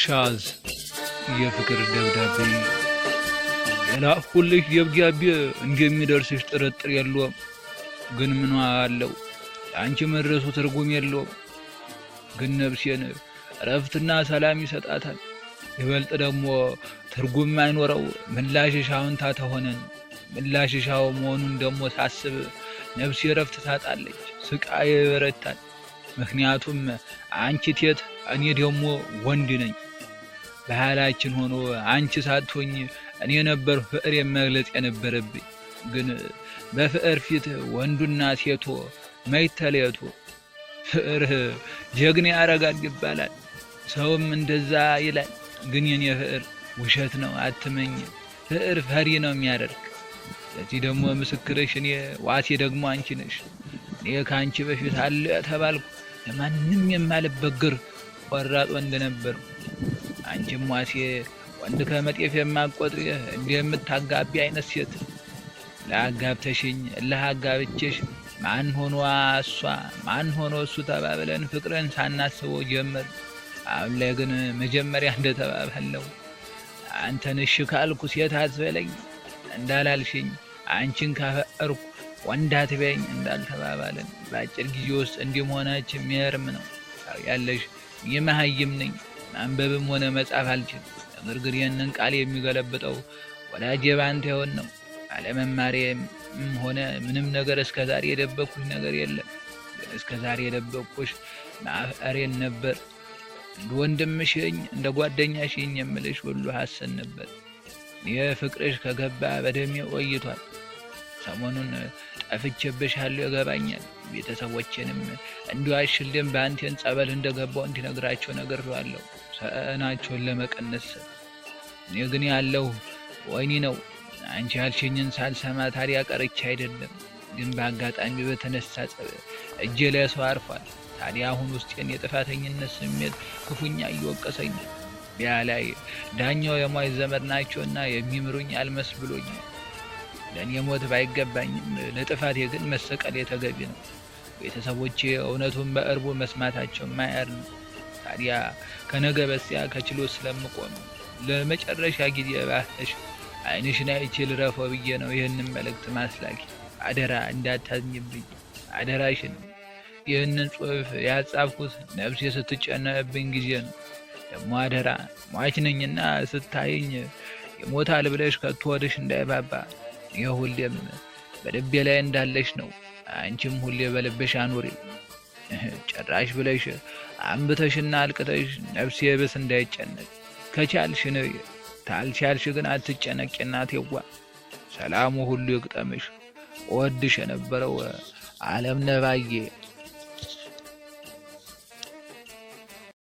ሻዝ የፍቅር ደብዳቤ የላኩልሽ የብጋቤ እንደሚደርስሽ ጥርጥር የለውም። ግን ምኗ አለው ለአንቺ መድረሱ ትርጉም የለውም። ግን ነብሴን እረፍትና ሰላም ይሰጣታል። ይበልጥ ደግሞ ትርጉም ማይኖረው ምላሽሽ አዎንታ ተሆነን መሆኑን ደግሞ ሳስብ ነብሴ እረፍት ታጣለች፣ ስቃይ ይበረታል። ምክንያቱም አንቺ ቴት እኔ ደግሞ ወንድ ነኝ። ባህላችን ሆኖ አንቺ ሳትሆኝ እኔ ነበር ፍቅር መግለጽ የነበረብኝ። ግን በፍቅር ፊት ወንዱና ሴቶ መይተለየቶ ፍቅር ጀግና ያረጋል ይባላል። ሰውም እንደዛ ይላል። ግን የኔ ፍቅር ውሸት ነው፣ አትመኝ። ፍቅር ፈሪ ነው የሚያደርግ። ለዚህ ደግሞ ምስክርሽ እኔ ዋሴ ደግሞ አንቺ ነሽ። እኔ ከአንቺ በፊት አለ ተባልኩ ለማንም የማልበግር ቆራጥ ወንድ ነበርኩ። አንቺም ዋሴ ወንድ ከመጤፍ የማቆጥር እንዲህ የምታጋቢ አይነት ሴት ለአጋብተሽኝ ለአጋብቼሽ ማን ሆኖ እሷ ማን ሆኖ እሱ ተባብለን ፍቅርን ሳናስበው ጀመር። አሁን ላይ ግን መጀመሪያ እንደተባባለው አንተን እሽ ካልኩ ሴት አትበለኝ እንዳላልሽኝ፣ አንቺን ካፈቀርኩ ወንድ አትበይኝ እንዳልተባባለን በአጭር ጊዜ ውስጥ እንዲህ መሆናችን የሚገርም ነው። ያለሽ የመሀይም ነኝ ማንበብም ሆነ መጻፍ አልችልም። ነገር ይህንን ቃል የሚገለብጠው ወላጄ ባንተ ይሆን ነው። አለመማሬም ሆነ ምንም ነገር እስከ ዛሬ ነገር የለም። እስከ ዛሬ የደበቅኩሽ ማፈሬን ነበር። እንደ ወንድምሽኝ እንደ ጓደኛሽኝ የምልሽ ሁሉ ሐሰን ነበር። ይህ ፍቅርሽ ከገባ በደሜ ቆይቷል። ሰሞኑን ጠፍቼብሻለሁ፣ ይገባኛል። ቤተሰቦችንም እንዲ አይሽልም በአንቴን ጸበል እንደገባው እንዲነግራቸው ነገር ነግሬዋለሁ። ሰናቸውን ለመቀነስ እኔ ግን ያለው ወይኒ ነው። አንቺ ያልሽኝን ሳልሰማ ታዲያ ቀርቼ አይደለም፣ ግን በአጋጣሚ በተነሳ እጄ ላይ ሰው አርፏል። ታዲያ አሁን ውስጤን የጥፋተኝነት ስሜት ክፉኛ እየወቀሰኝ ያ ላይ ዳኛው የሟች ዘመድ ናቸውና የሚምሩኝ አልመስ ብሎኝ ለእኔ ሞት ባይገባኝም ለጥፋቴ ግን መሰቀል የተገቢ ነው። ቤተሰቦቼ እውነቱን በእርቡ መስማታቸው ማያር ነው። ታዲያ ከነገ በስቲያ ከችሎት ስለምቆም ለመጨረሻ ጊዜ እባክሽ አይንሽን አይቼ ልረፈው ብዬ ነው ይህንን መልእክት ማስላኪ። አደራ እንዳታዝኝብኝ፣ አደራሽን። ይህንን ጽሑፍ ያጻፍኩት ነፍሴ ስትጨነብኝ ጊዜ ነው። ደግሞ አደራ ሟች ነኝና ስታይኝ የሞታል ብለሽ ከቶ እንዳይባባ ይህ ሁሌም በልቤ ላይ እንዳለሽ ነው። አንቺም ሁሌ በልብሽ አኑሪ። ጭራሽ ብለሽ አንብተሽና አልቅተሽ ነፍሴ ብስ እንዳይጨነቅ ከቻልሽ ንሪ፣ ታልቻልሽ ግን አትጨነቂ እናቴዋ። ሰላሙ ሁሉ ይቅጠምሽ። ወድሽ የነበረው አለም ነባዬ